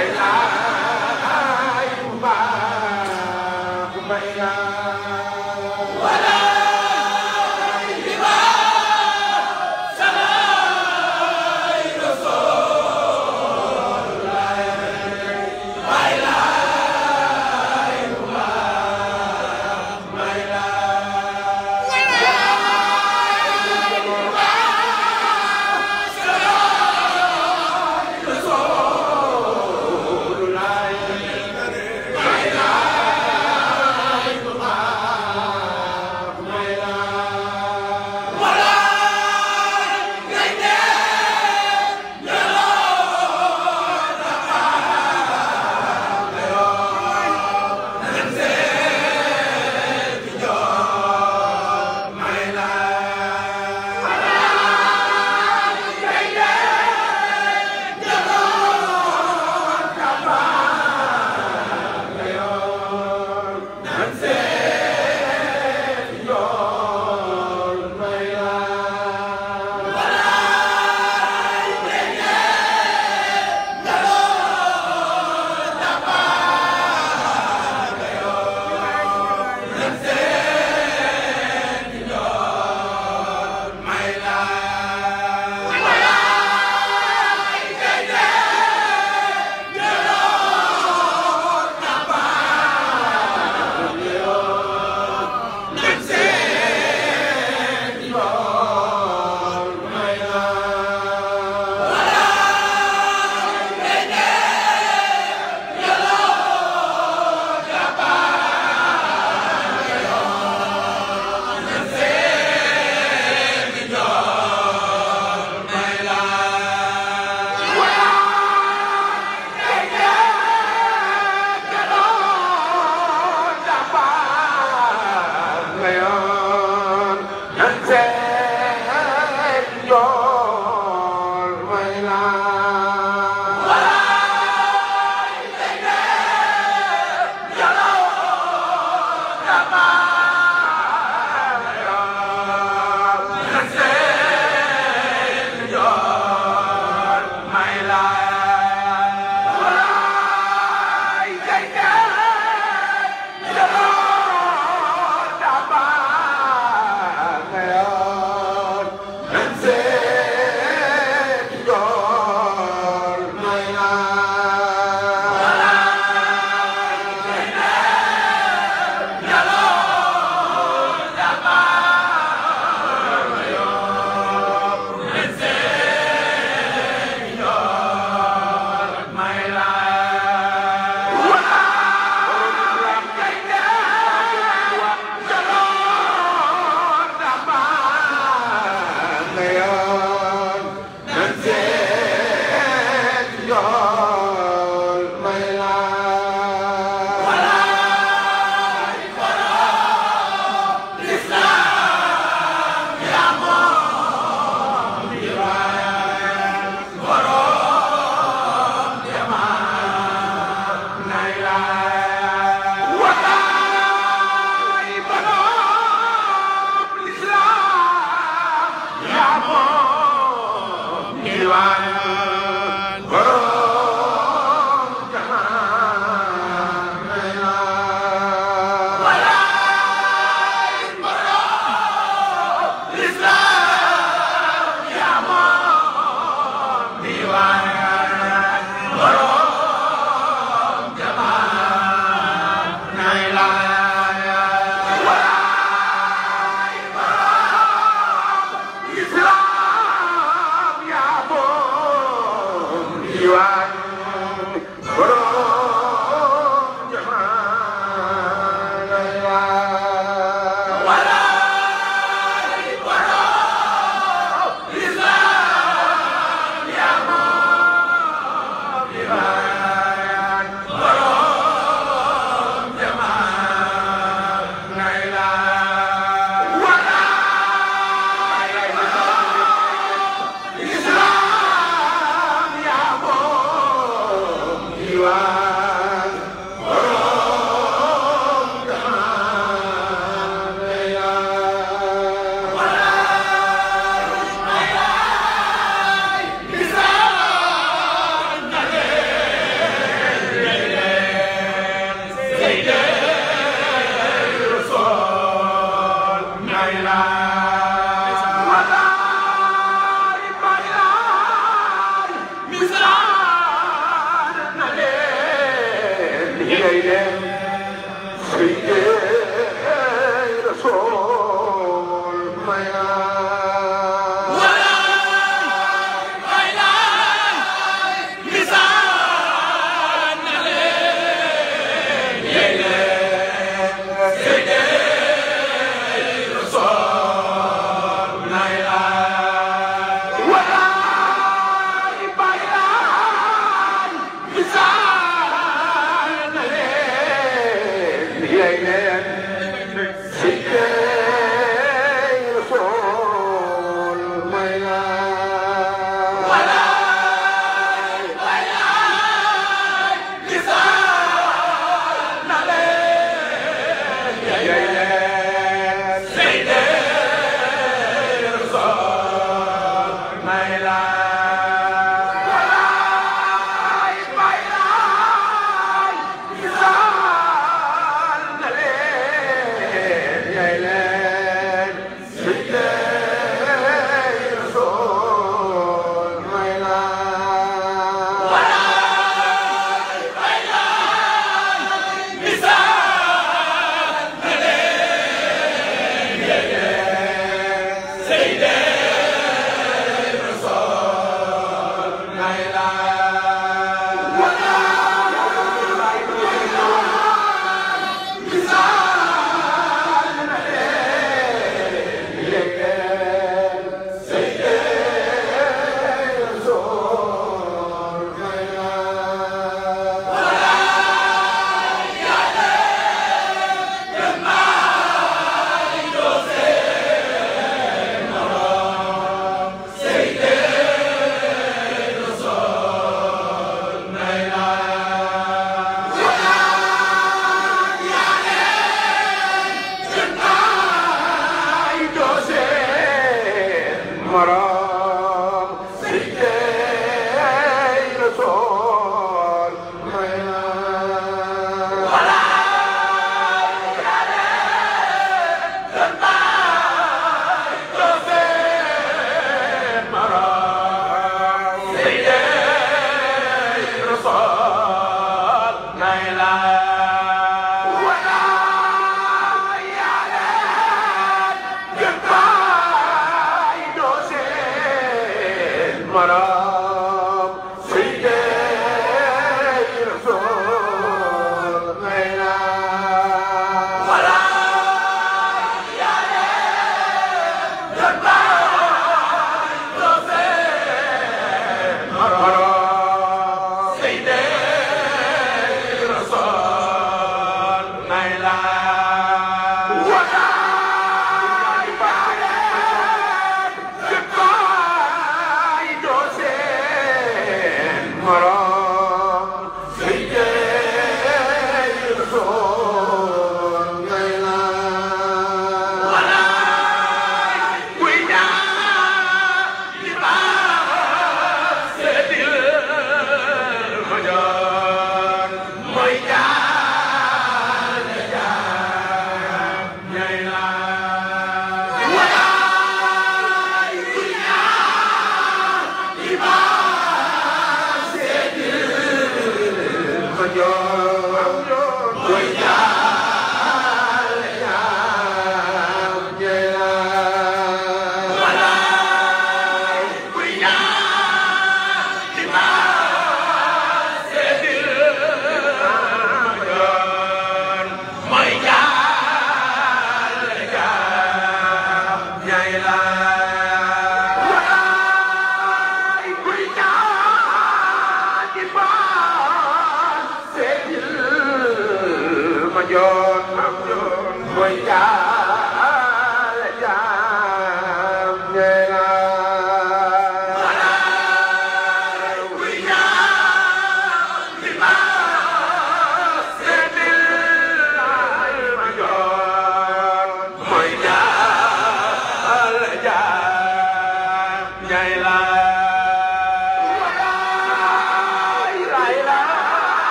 Vai lá. Oh.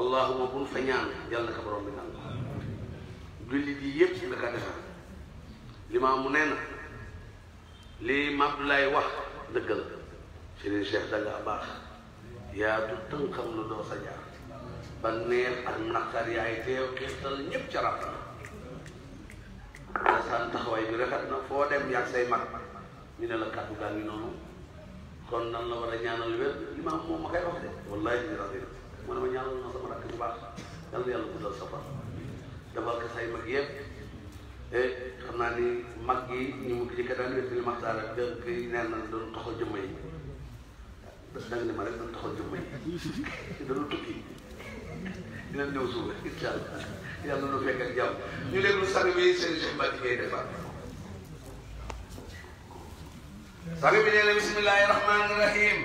allahuma buñ fa ñaan yàlla naka borom bi nangu jullit yi yépp nga ka defar limaamu nee na lii Mabdoulaye wax dëggal Serigne Cheikh da ngaa baax yaa du tënkam lu doo sa jaar ba neex ak naqar yaay teew ca ràpp na saan taxawaay bi rafet na foo dem yàgg say mag ñu ne la kàddu gaa ngi noonu kon nan la war a ñaanal wér limaam moom ma koy wax de wallahi ni rabi mu ne ma ñaanal na sama rakk bu baax yal na yàlla guddal sa fan defal ko say mag yëpp e eh, xam naa ni mag yi ñu mu jëkk daan wér li maxtaara da ki neen na doon taxaw jëmm yi dang ni ma rek doon taxaw jëmm yi dañu tukki dina ñëw suba incha allah yàlla nu fekk ak طبيب لنا بسم الله الرحمن الرحيم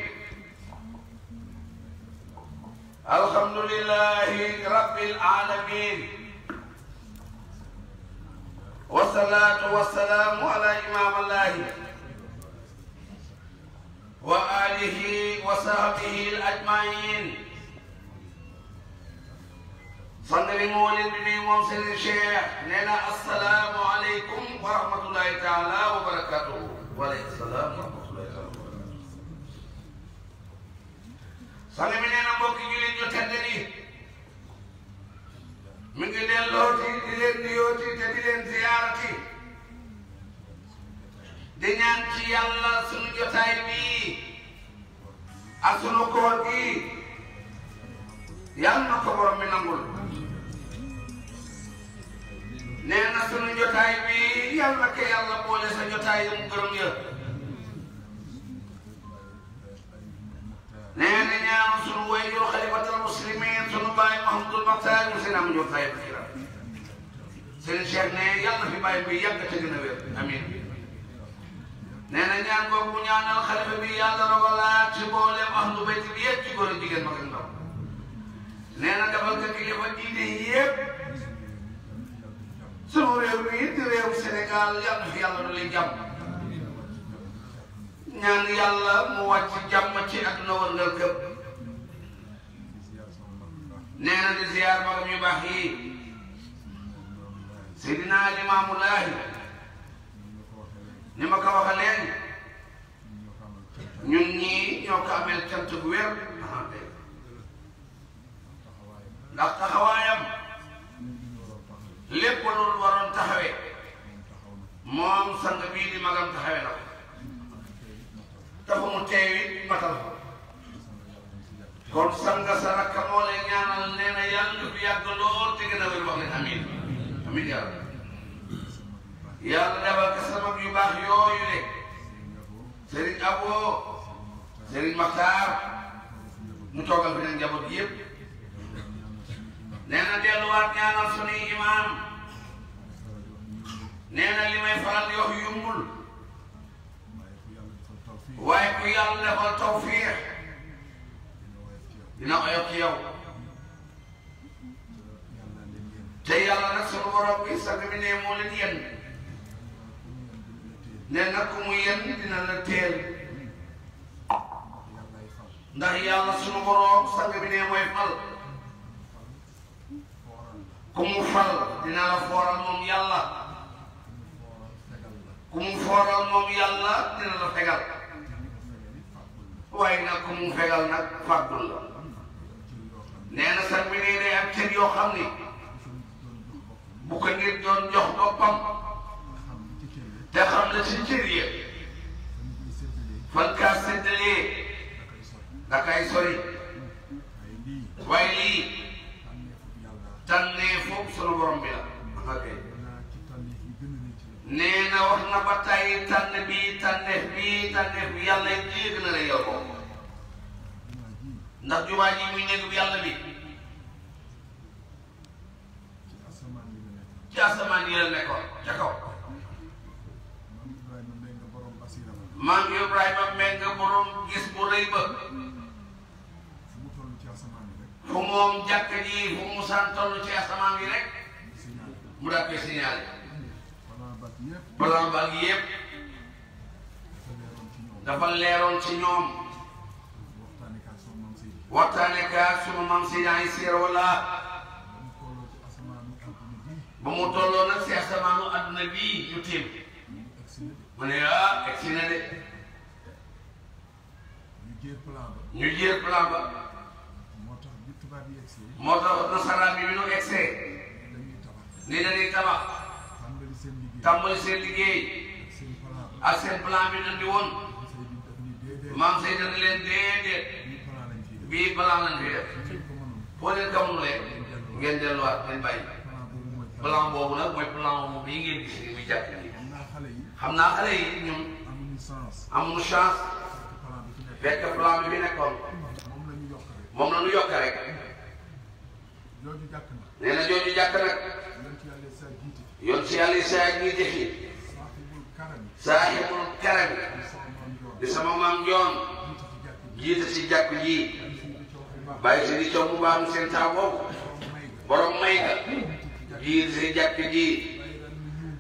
الحمد لله رب العالمين والصلاة والسلام على إمام الله وآله وصحبه الأجمعين صندري مولد بني ومسلم الشيخ نينا السلام عليكم ورحمة الله تعالى وبركاته waaleykum salaam wa rahmatullahi wa barakatuh. sànni bi nee na mbokk yi ñu leen ñu tedd nii mi ngi dellooti di leen nuyooti te leen di ñaan ci yàlla sunu jotaay bii ak sunu koor gi yàlla na ko borom mi nangul. nee na sunu jotaay bi yàlla na ko boole sa jotaay yi mu gërëm ya na ñaan sunu waajur xalifatul muslimin sunu baay Mahamadul Maxtaar mu seen am jotaay bi seen Cheikh ne yàlla fi bàyyi bi yàgg te gën a wér amiin nee na ñaan boobu ñaanal xalifa bi yàlla rogalaat ci boole ahlu bayt bi yëpp ci góor a jigéen mag ak na defal ko kilifa diine yëpp sama réew mii di réew Sénégal yàlla fi yàlla dolli jàmm ñaan yàlla mu wàcc jàmm ci ak na wërngal këpp nee na di ziar magam yu baax yi Seydina Limaamu Laahi ni ma ko waxe léegi ñun ñii ñoo ko amel cant gu wér ndax taxawaayam lépp loolu waroon taxawee moom sang bii di magam taxawee na ko taxu mu teewi matal ko kon sang sa rakka moo lay ñaanal nee na yàlla nga fi yàgg lool te gën a wér wax ne amiin amiin yàlla yàlla defal ko sabab yu baax yooyu mu toogal fi nag njaboot neena delluwaat ñaanal sunuy imaam neena li may faral di wax yumbul waaye ku yàlla defal tawfiix dina oyof ci yow te yàlla nag sunu borom bi sag bi ne moo leen yenn nee na ku mu yenn dina la teel ndax yàlla sunu borom sag bi ne mooy fal ku mu fal dina la fooral moom yàlla ku mu moom yàlla dina la fegal waaye nag ku mu fegal nag fàggul mi nee ak cër yoo xam ni bu ko nit boppam te xam na ci cër ya fan kaa séddalee da kay sori waaye lii tànneefu sunu borom bi la nee na wax na ba tey tànn bii tànneef bii tànneef bi yàlla yéeg na la yow ko ndax jumaa ji muy néeg bi yàlla bi ci asamaan yi la nekkoon ca kaw maam Ibrahima Mbengue borom gis bu rëy ba du moom jàkka ji fu mu san toll ci asamaan bi rek mu daal koy signalé plan bag yëpp dafa leeroon ci ñoom waxtaane kaa sunu maam si naa seer wala ba mu tolloo nag si asamaanu adduna bii ñu tiim mu ne ah egsi na de ñu jéer plan ba moo tax ni dañuy tabax tàmbali seen liggéey ak seen plan bi ñu di woon maam say dana leen déedéet bii plan lañ fi def boo leen gamulee ngeen delluwaat ngeen bàyyi plan boobu nag mooy plan moom bii ngeen gis ni muy jàpp nii xam naa xale yi ñun amuñu chance fekk plan bi bi moom la ñu jooju jàkk nag nee na jooju jàkk nag jiite fi yonti yàlla saa sama maam jiite si jàkk ji si di coow bu baax seen saa jiite si jàkk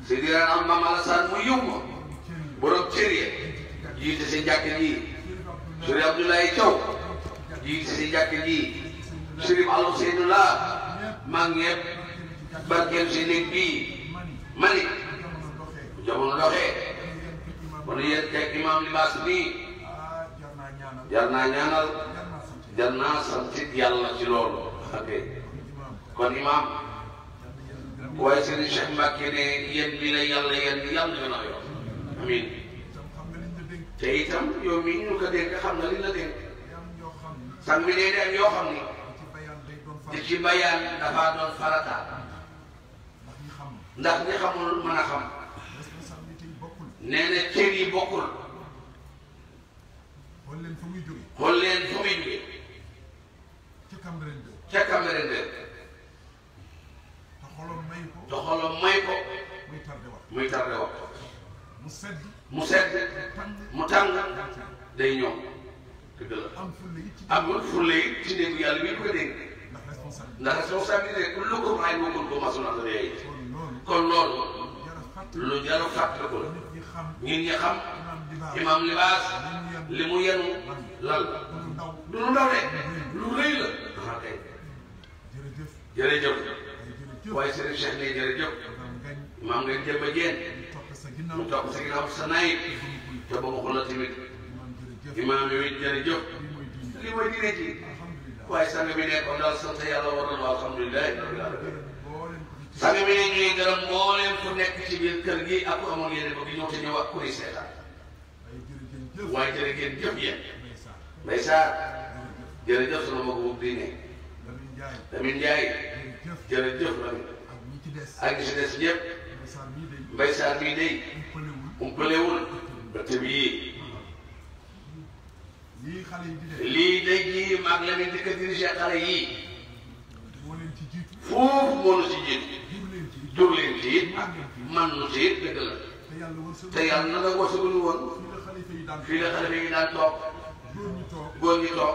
si di leen am maam Alassane mu yiw jiite si jàkk ji jiite si jàkk Sëriñ Allo Seydullah maa ngi yëpp barkeel si néeg bii ma ni jamono doxee kon yéen teg imaam libaas bii jar naa ñaanal jar naa santit yàlla ci loolu kon imaam waaye Sëriñ Cheikh Mbacke ne yéen bi la yàlla yéen yàlla gën a yor itam yow mii ñu ko dénk xam na li la dénk sang bi nee dem yoo ni di ci bayaan dafaa doon farata ndax ñi xamul mën a xam nee na bokkul xool leen fu muy jóge xool leen fu muy jóge ca Cambérène de ca Cambérène de mu sedd mu tàng day ñoom dëgg am fulle yi ci dégg yàlla bi ko ndax responsabilité kullukum aynukum bu masul an riyati kon loolu lu jar a fàttaliku la nit ñi xam imam libaas li mu yenu lal la du lu ndaw la dafa kay jërëjëf waaye sëriñ Cheikh ne jërëjëf imam nga jëm a jeen mu topp sa ginnaaw sa naay te ba ma ko la imam yooyu jërëjëf li mooy diine ci waaye sang bi ne kon daal sant yàlla war nañu alhamdulilah rabbil alamin sang bi ne ñu ngi gërëm mbooleem ku nekk ci biir kër gi ak ku amoon yéene bëgg ñëw te ñëw ak kuy seetaan waaye jërë ngeen jëf yéen Mbaye Sarr jërëjëf sunu mbokku bu diine Lamine Ndiaye jërëjëf Lamine ak ñi ci des ñëpp Mbaye Sarr mii day umpalewul ba tëb yii lii day jii mag la ñuy njëkk a dirigé yii foofu moo nu ci jur leen ci man nu ci it la te yàlla na nga wasaguñu woon fii la xale yi daan toog góor ñi toog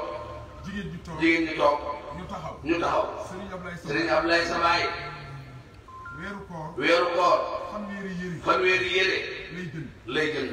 jigéen ñi toog ñu taxaw sëriñ Ablaye Sabaay weeru koor fanweeri yére lay jënd.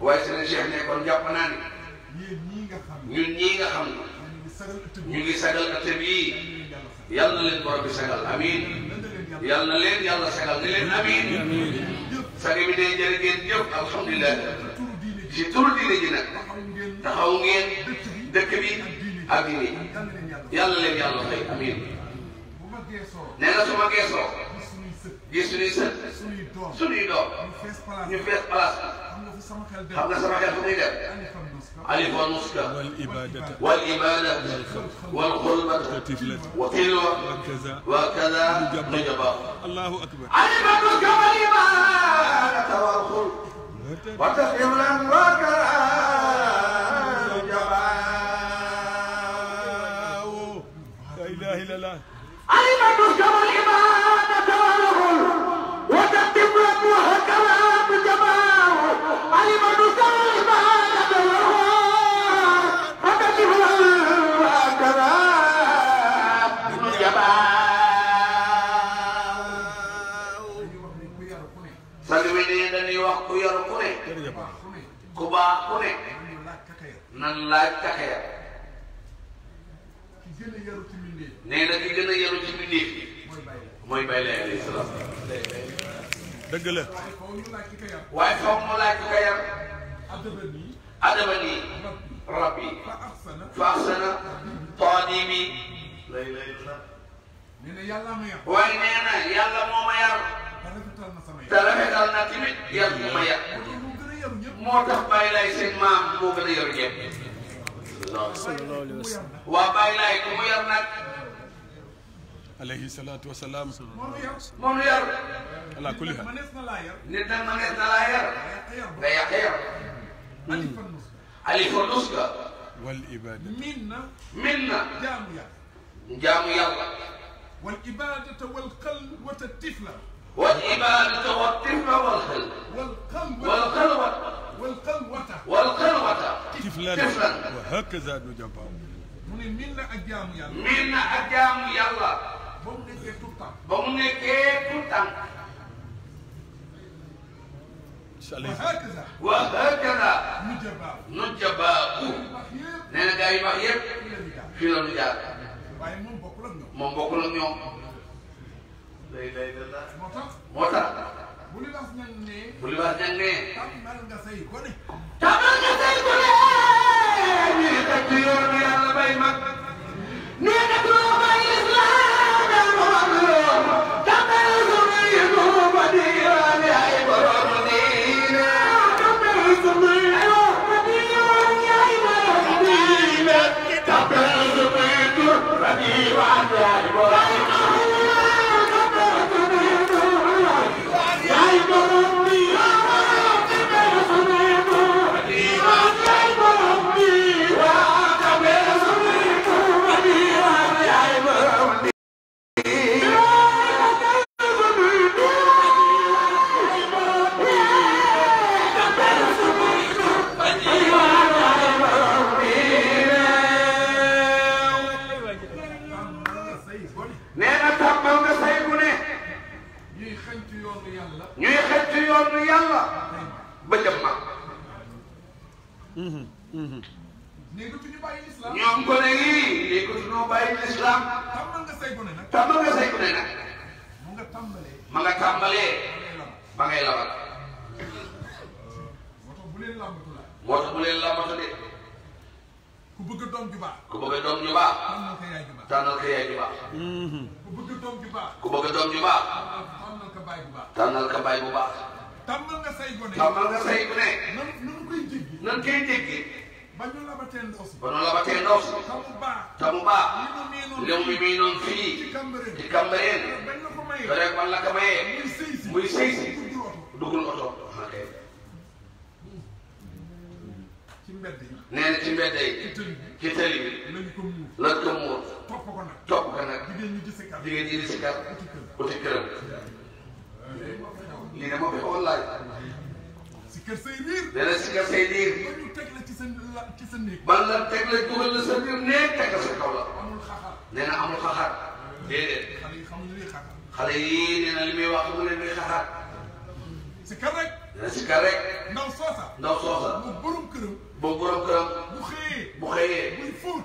waaye seen ne kon jàpp naa ne ñun ñii nga xam ne ñu ngi sagal ak tëb yii yal na leen borom bi sagal amiin yal na leen yàlla sagal ne leen amiin sage bi day jërë alhamdulilah ci turu diine ji nag taxaw ngeen dëkk bi ak diine yal na leen yàlla fay amiin nee na su ma di suñuy sët suñuy doom ñu fees place xam nga sama xel fu muy dem alif wal muska wal ibada wal xulbat wa tilwa wa kada nujaba allahu akbar alimatu kama imanaka wal xul wa tafim lan wa kada nujaba la ilaha illallah alimatu waa baax nan laaj taxaya na ki gën a yaru ci mbindéef yi mooy Baay Laay alayhi salaam dëgg la waaye faw mu laaj ki ka yar adaba nii rabbi fa ahsana taadibi lay na yàlla moo ma yar te rafetal na tamit yar bu ma moo tax bàyyi laay seen maam moo gën a yor ñëpp waa bàyyi عليه الصلاة والسلام من ير على كل حال نتا من لا ير لا يحير ألف النسخة والإبادة منا منا جام ير جام ير والقلب والتفلة والعبادة والطب والخلق والخلوة والخلوة طفلا وهكذا نجبه منا أجام يلا منا أجام يلا بمنك تطن وهكذا وهكذا نجباه نجباه نانا غاي واخ ييب في لو jaar waaye moom bokkul ak ñoom moom bokkul ak ñoom lay lay la la moo tax moo tax bu libaas ñag nee bu libaas ñag nee tàmmal nga say gone tàmmal nga say gone ñuy teg ci yoonu yàlla bay mag nee na ko bay islam dama mag loo tàmmal sunu yi ko ba di yoon yaay borom diina tàmmal sunu yi ko ba di yoon yaay borom diina tàmmal sunu yi ko ba di yoon yaay borom diina néegatuñu bàyyi lislaam ñoom gone yi néegatuñoo bàyyi lislaam tàmm nga say gone nag tàmm nga say gone nag mu nga tàmbalee ma nga tàmbalee ba ngay labal moo tax bu leen làmbatu la moo tax bu leen làmbatu de ku bëgg doom ju baax ku bëgg doom ju baax tànnal ko yaay ju baax tànnal ko yaay ju baax ku bëgg doom ju baax ku bëgg doom ju baax tànnal ko baay bu baax tànnal ko baay bu baax tàmmal nga say gone tàmmal nga say gone nan nan koy jig nan koy déggee. ba la batee ndaw si. ba ñu la tamu baax tamu baax. léw mi muy noonu fii. ci Cambérène ci Cambérène. ba la ko mayee. muy sëy duggul ko muur lañ ko muur. topp ko nag topp ko nag. di di si kàr. uti këram. lii de moo fi kër say riir nee na si kër say riir ba ñu teg la ci sa ci sa néeg ba la teg la dugal la sa biir néeg teg sa kaw la amul xaxar nee na amul xaxar déedéet xale yi xamuñu luy xaxar xale yi nee na li muy wax mu leen luy xaxar si kar rek nee na si kar rek ndaw soosa ndaw soosa bu borom këram bu borom këram bu xëyee bu xëyee muy fóot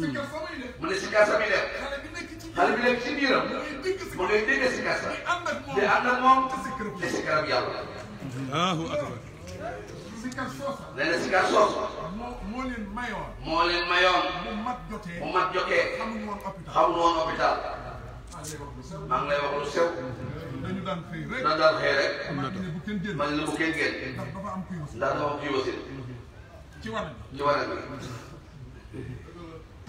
mu ne sikar sa muy def xale bi nekk ci biiram mu ngay dégg sikar sa di ànd ak moom di sikaram yàlla. Allahu akbar. nee na sikar soosu. moo leen mayoon. moo leen mayoon. mu mat jotee mu mat jotee. xamuñu woon hôpital. maa ngi lay wax lu sew. dañu daan xëy rek dañu daan xëy rek. man la bu kenn génn ndax dafa am kuy wasin. ci wane bi.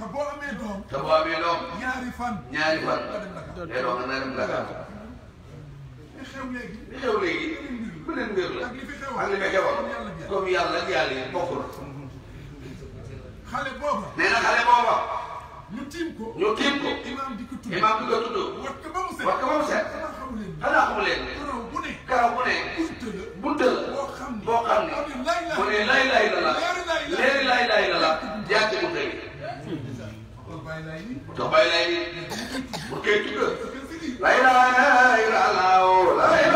te boo amee doom. te boo amee doom. ñaari fan. ñaari fan la. te doom na dem Dakar. li xew léegi. li xew léegi. bu leen mbir la. ak li fi xewoon ak li fi xewoon. comme yàlla ak yàlla yi bokk na. xale booba. nee na xale booba. ñu tiim ko. ñu tiim ko. imaam di ko tudd. imaam di ko tudd. wat ko ba mu set. wat ko ba mu set. xanaa xamu leen ne. karaw bu ne. karaw bu ne. bunte la. bunte la. boo xam ne. boo xam ne. mu ne lay lay la la. Coba ini, mungkin juga. Lain lain lain lain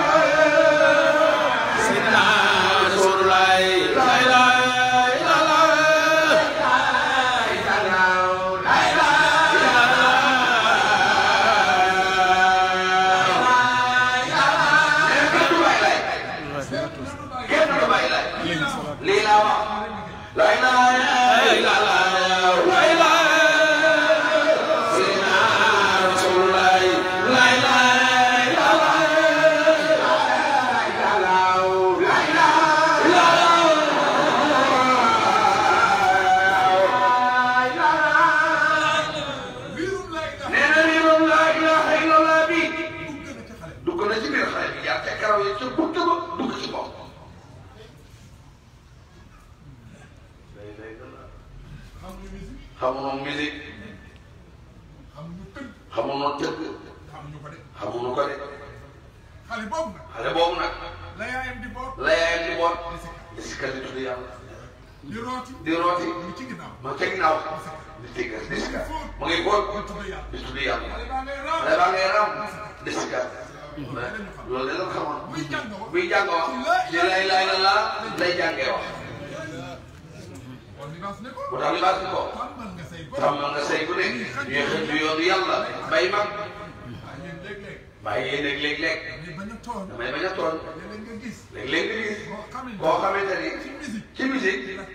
boo xamante ni ci musique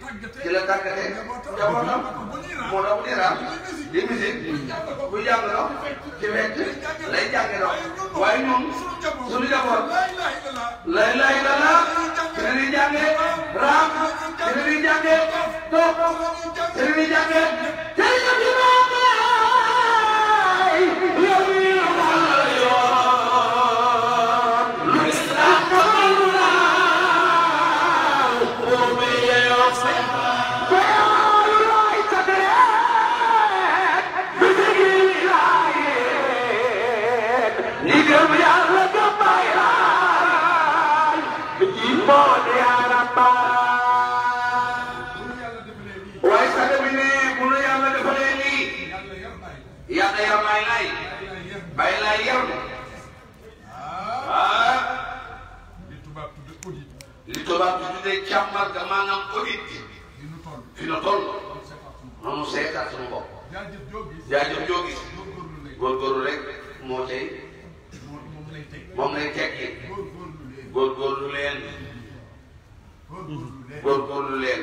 ci la tàggatee njabootam moo tax bu diraam di musique bu yàgg loo ci wecc lay jànge loo waaye ñun suñu njaboot lay lay la la dina di jànge raam dina di jànge toog dina di jànge jaajëf joo gis góorgóorlu rek moo cay moom lay tekki góorgóorlu leen góorgóorlu leen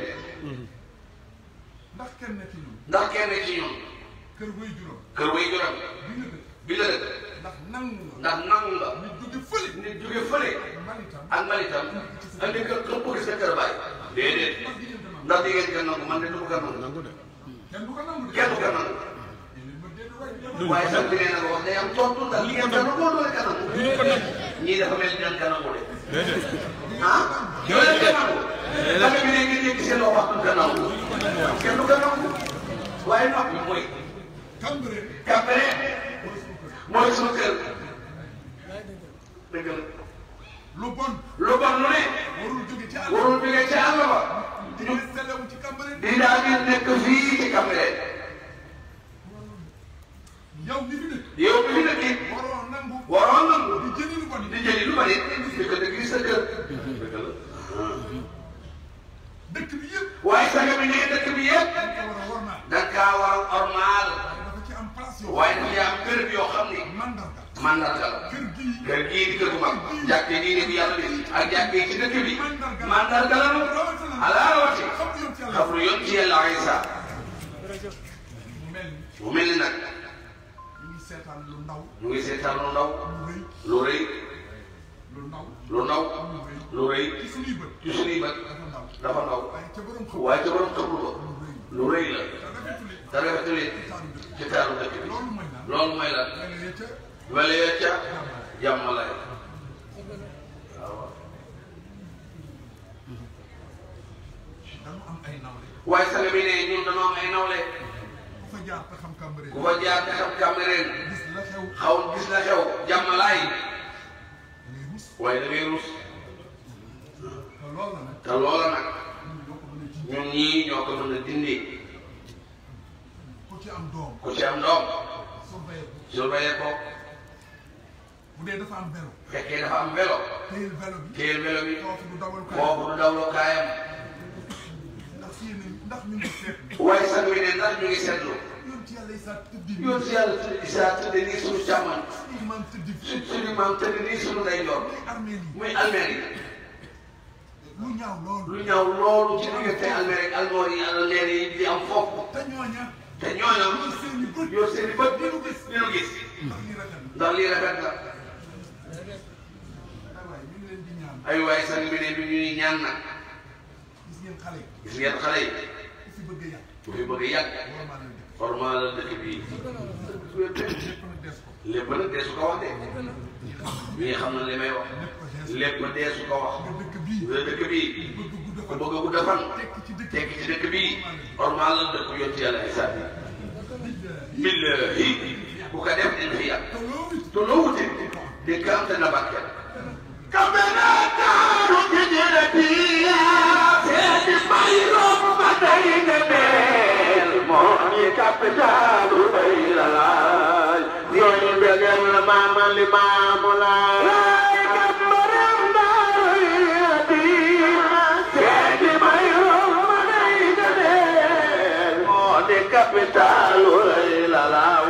ndax kenn ci ñun ndax kenn ci ñun kër way juróom bi la dëkk ndax nangu ndax nangu fële nit jóge fële ak manitam andi kër kër bëgg sa kër bàyyi déedéet ndax diggante nangu man de du ko nangu kenn du ko waaye sant leen a wax day am tontu ndax li gën a góor wala kanam. ñii dafa mel ni kanamu de. ah. jërëjëf jërëjëf parce que bi ngeen ngeen gisee loo wax du gannaaw. kenn du gannaaw mooy. Cambérène mooy lu bon lu bon di daal di nekk fii ci yow li fi dëkk. yow li fi dëkk. waroon nangu. waroon nangu. di jëli lu bari. di jëli lu bari. dëkk dëkk la. dëkk bi yëpp. waaye sa bi ne dëkk bi yëpp. yoo xam ne. mandarga la. kër gii di kër bu ci dëkk bi. mandarga la ñu ngi seetaan lu ndaw lu rëy lu ndaw lu rëy ci suñuy bët dafa ndaw waaye la te rafetule ci taaru dëkk bi loolu mooy lan wala ya ca jàmm lay waaw waaye sanga bi ne ñun dañoo am xaw gis na xew jàmmalaay waaye da ngay rus te loola nag ñun ñii ñoo ko mën dindi ku ci am doom ku ci am doom surveiller ko bu dee am vélo fekkee dafa bi téyel vélo du dawloo kaayam waaye sax mi ne ndax ñu ngi seetlu ñun si yàlla tëdd Isa tëdd nii suñu càmmoñ suñ suñu maam tëdd nii suñu ndeyjoor muy almeer yi lu ñaaw loolu lu ñaaw loolu ci diggante almeer yi almoor yi yàlla leer yi di am foofu te ñooña te ñooña yor seen i bët di nu gis ndax lii rafet la ay waay seen bi ne bi ñuy ñaan nag gis ngeen xale yi ku fi bëgg a yàgg formal dëkk bi lépp nag dee su ko wax de ñii xam na li may wax lépp dee su ko wax la dëkk a fan tekki ci dëkk bii formal la dëkk yonti yàlla isa bi billahi bu ko def din fi yàq te loo wute di kaam te na barke kamena taaru ci jërëbi yaa seeti mayi roobu moo ni capitalu bay la laay ñooñu bëggal la maama li maamu laay capitalu lay la laay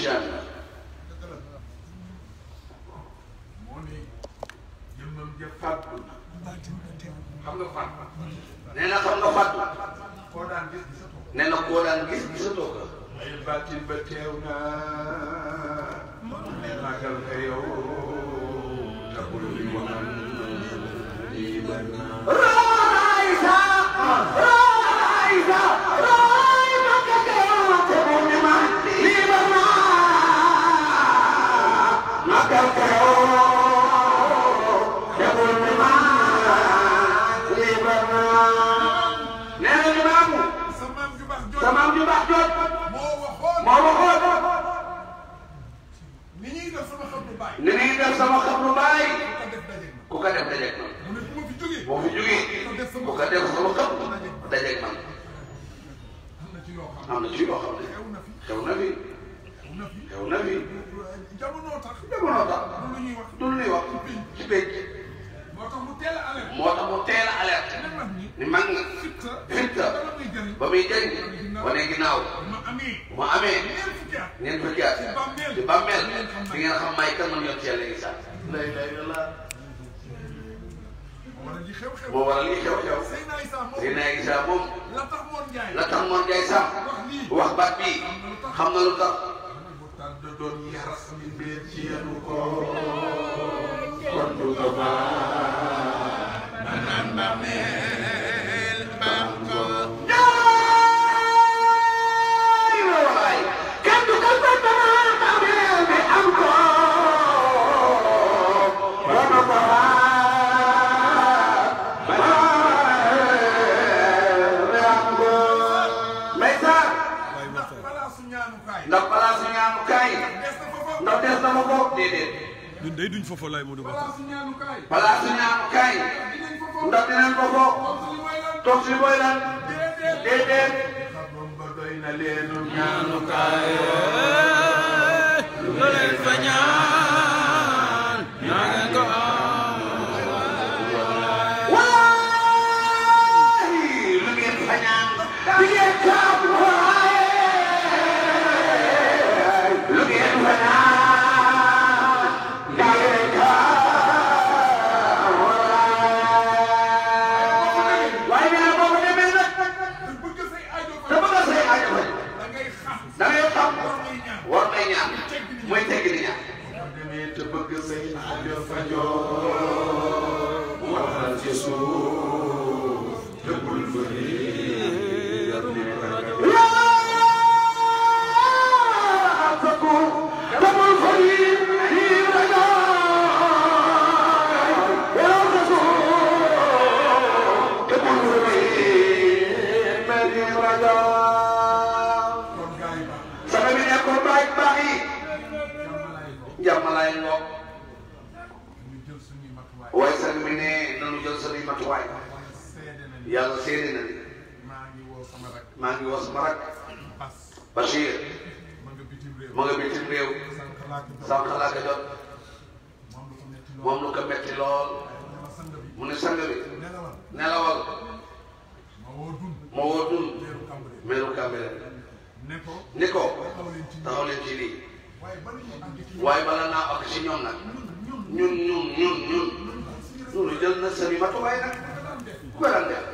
tijaan mu ni jëmmam ja fàttu na xam nga fàttu nee na xam nga fàttu koo daan gis gisatoo nee na koo daan gis gisatoo ko ay bàttin ba teew na magal ka yow taxul ñu waxal ni ami fukk ba muy jëriñ wane ginnaaw bu ma amee ñeent fukki at di ngeen xam may kan man yoon ci yàlla isa moo waral lii xew-xew Seydina Isa moom la tax moon Njaay sax wax baat bi xam déedéet. lay Modou ñaanu kaay. balaa dinañ ko ko. toog si booy lan. déedéet. xamam ñaanu kaay. matuwaay yàlla séede na ni maa ngi woo sama rakk Bachir ma nga bitim réew sànq laa ko jot moom lu mu ne sang nelawal ma woo dun meeru Cambérène ni ko taxaw leen ci waaye bala naa ak si ñoom ñun ñun ñun ñun nurijal salimata waaye nag ku ko daan def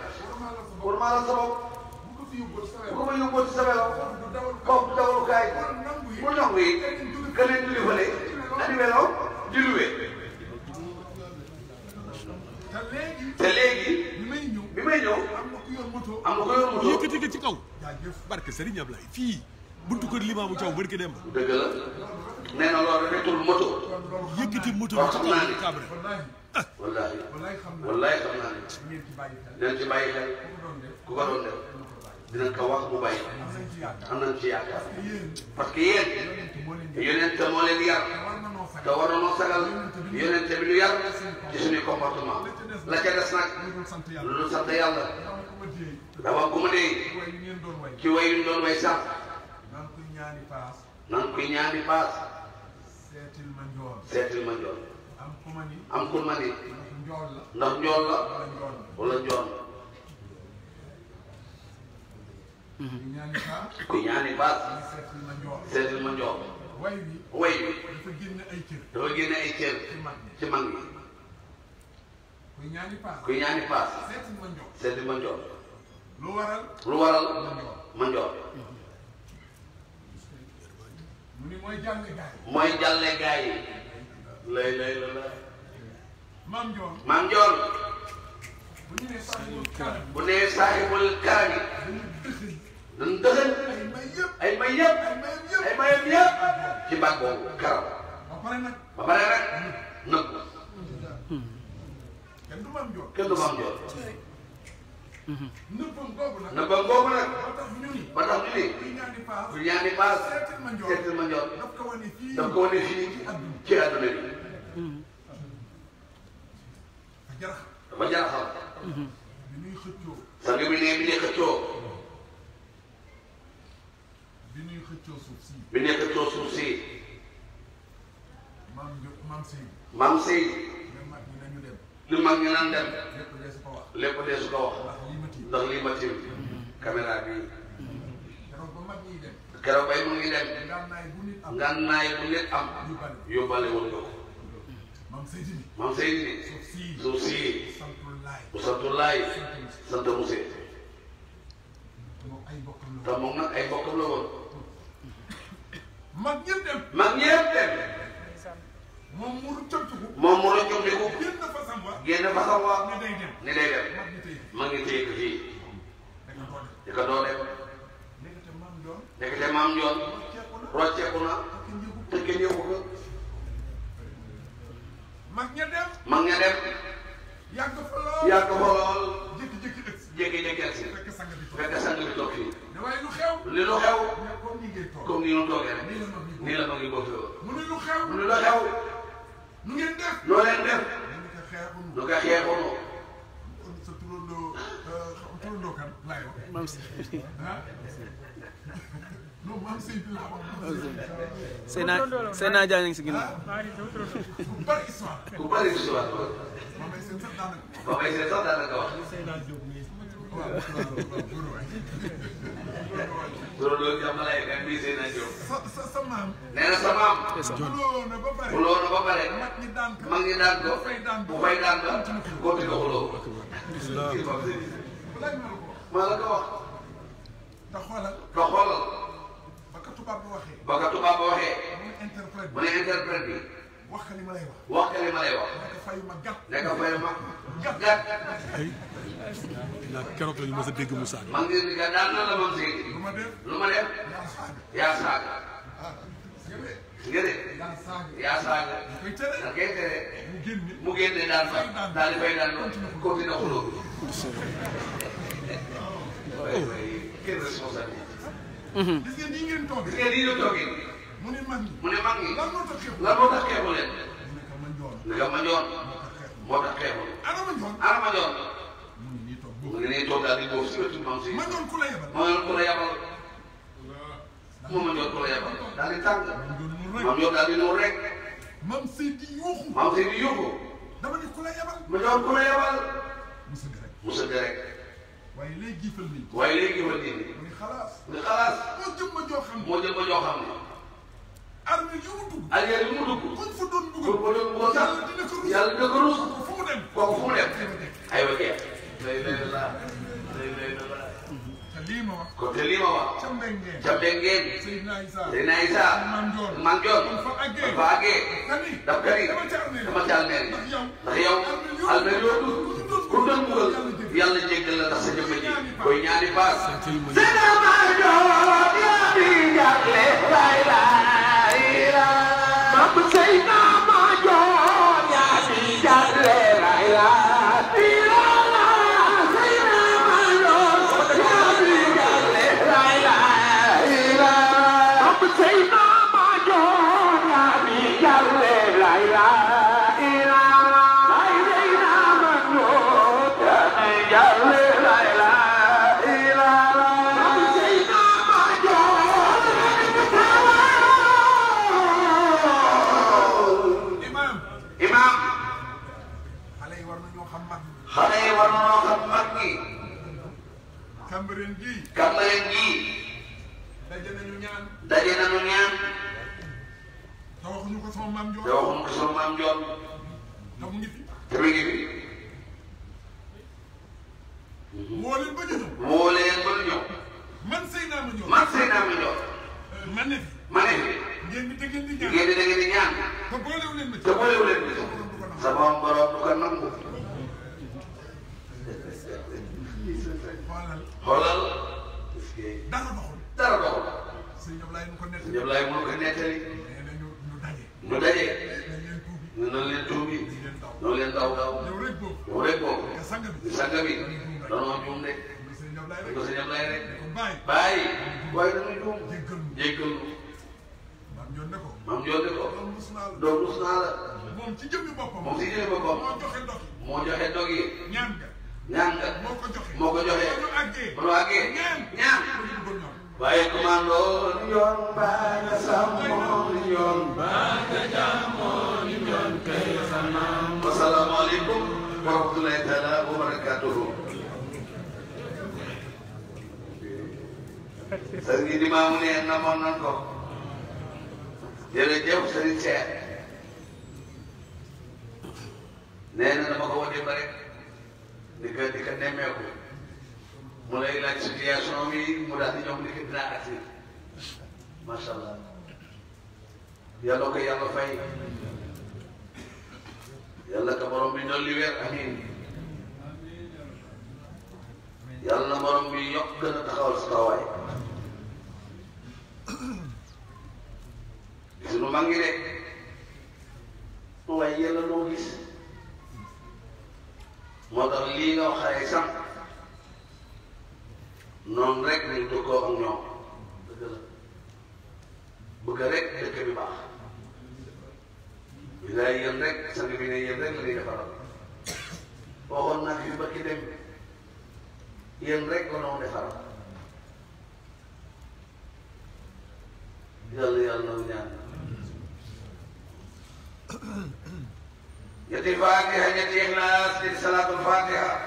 pour maa la sabab ku ko yóbboo ci sa welo kooku dawalukaay mu nangu yi ka leen di fële andi welo di luwe te léegi bi may ñëw am na ku yor moto yëkkati nga ci kaw barke Serigne Ablaye fii buntu kër Limaamu Thiaw barke dem ba dëgg la nee na loolu nekkul moto yëkkati moto bi ci kaw wallaahi wallaahi xam naa ne ci bàyyi xel ku ko dina ko wax bu bàyyi ci yaakaar parce que yéen yonent moo leen yar te war na noo sagal yonent bi ñu yar ci suñuy comportement la ca des nag lu dul sant yàlla dama gu ma dee ci way yu ñu doon way sax nan kuy ñaani paas seetil ma ma njool am ku mani la wala njool ku ñaani baas seetal ma njool way wi dafa ci mag ku ñaani paas ku ñaani paas seetal mooy jàlle gaay yi lay maam Njool maam Njool bu nee saaxibul kaani bu nee saaxibul kaani dañ dëxëñ ay may yëpp ay mayam yëpp ci baat boobu karaw ba pare rek nëpp kenn du maam Njool kenn du maam Njool nëbbam boobu nag nëbbam boobu nag ba tax ñu ne bu ñaani paas seetal ma Njool daf ko wane fii ci àdduna bi dafa jar xam. sang bi ne bi ne xëccoo. bi ne xëccoo suuf si. bi ne dem. lépp dee su ko wax. ndax lii ma tiim caméra bi. keroog bay mu ngi dem. ngannaay bu nit am. yóbbaale ko. maam Seydini maam Seydini suuf sii bu santulaay sant Muse te moom nag ay bokkam la woon mag ñëpp ni day dem ma ngi téye ko fii di ko doo dem nekkate maam Njoon mag ña dem mag ña dem yàgg fa lool yàgg fa lool jékki-jékki ëgg si jékki-jékki ëgg si fekk sang xew li lu xew ni ngeen toog comme ni ñu toogee la mag yi bokk mu ne lu xew mu ne lu xew nu ngeen def loo leen def lu ko xeexoonoo sa turandoo euh, turandoo Seyna Seyna Dia ñu ngi si ginnaaw. ku bari histoire. ku bari histoire. Mamay Sène sax daanaka wax. Góorloo jàmm lay nga bii Seyna Diop. sa maam. nee na sa maam. xuloo na ba pare. xuloo na ba pare. mag ñi daan ko. bu fay daan la. góor di ko xuloo. maa la ko wax. te xoolal. te xoolal. tubaab ba waxee. ba ko tubaab ba waxee. mu ne interprète bi mu ne interprète bi. wax li ma lay wax. wax li ma lay wax. nekk fayu ma gàtt. nekk fayu ma gàtt gàtt. ay la keroog la ñu mës a dégg Moussa. man ngi ni que daan na la moom si. lu ma def lu ma def. yaa saaga yaa saaga. Ah, gërëm yaa saaga. da koy tere mu génne daal ma daal di fay daal ma continué xulóo. Mhm. gis ngeen nii ngeen toogee. gis ngeen nii ngeen toogee. mu ne mag ñi. mu ne mag ñi. lan moo tax xeexu. lan moo tax xeexu leen. naka ma njoon. naka ma njoon. moo tax xeexu. ala ma njoon. ala ma njoon. mu ngi nii toog boobu. mu ngi nii toog daal di boobu si wetu maam si. ma njoon ku la yabal. ma njoon ku la yabal. moom ma njoon ku la yabal. daal di tàng. ma njoon daal di nuur rek. maam Seydi yuuxu. maam Seydi yuuxu. dama ne ku la yabal. ma njoon ku la yabal. musa bi rek. musa bi rek. waaye léegi jiifal nit. waaye léegi jiifal nit. xalaas ne xalaas moo jëmma joo xam ne moo jëmma joo xam ne arme yu mu dugg arrière yu mu dugg kon fa doon dugg ko doon bugg sax yàlla dina ko rus kooku fu mu dem kooku fu mu dem aywa kee lay lay la lay lay la lima wa côté lima wa camɓe ngeen camɓe ngeen seydna isa man jon faage daf kari dama calmeen ndax yow alna yoodu ku doon mugal yàlla jéggal la ndax sa jëmm ji koy ñaani baas seydna man jon yaani jàlle lay lay lay Cambérène gi Cambérène dajé nañu ñaan dajé nañu ñaan da wax ko sama mam jox da wax ko sama mam jox da ngi fi mo leen ba mo ba man ma man ma eh, man ne man ne ngeen di ñaan ngeen di ñaan ma ma sama borom du ko nangu xoolal. dara doxul dara doxul. sëñ mu ko nettali daje. ñu nan leen tuubi. ñoo leen daw daw. ñëw rek boobu. di sanga bi danoo juum de. di ko sëñ Ablaye rek. bàyyi. waaye dañu juum. jéggal ñu. maam joonde ko. doom rus naa la. moom ci jëmmi boppam. moo joxe dog yi. ñaan kat moo ko joxee ba mu àggee ñaan waaye commandoo yoon baa nga sàmmoon yoon baa nga jàmmoon yoon kay xanaa wasalaamaaleykum wa rahmatulahi taala wa barakatuhu sëriñ di maamu ne namoon nan ko jërëjëf sëriñ Seex nee na dama ko wajee ba rek di ko di ko nemmeeku mu lay laaj situation bi mu daal di ñoom di ko dinaa agsi macha allah yàlla ko yàlla fay yàlla ka borom bi dolli weer amiin yàlla borom bi yokk gën a taxawal sa taxawaay gis lu mag ngi de waaye yàlla moo tax lii nga xare sax noonu rek nañ dëkkoo ak ñoom dëgg la bëgg rek dëkk bi baax bi laay yéen rek sang bi ne yéen rek la ñuy defaral waxoon naa يد الفاتحة يد الناس يد صلاة الفاتحة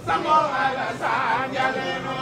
Samo ala sa njale no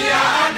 Yeah.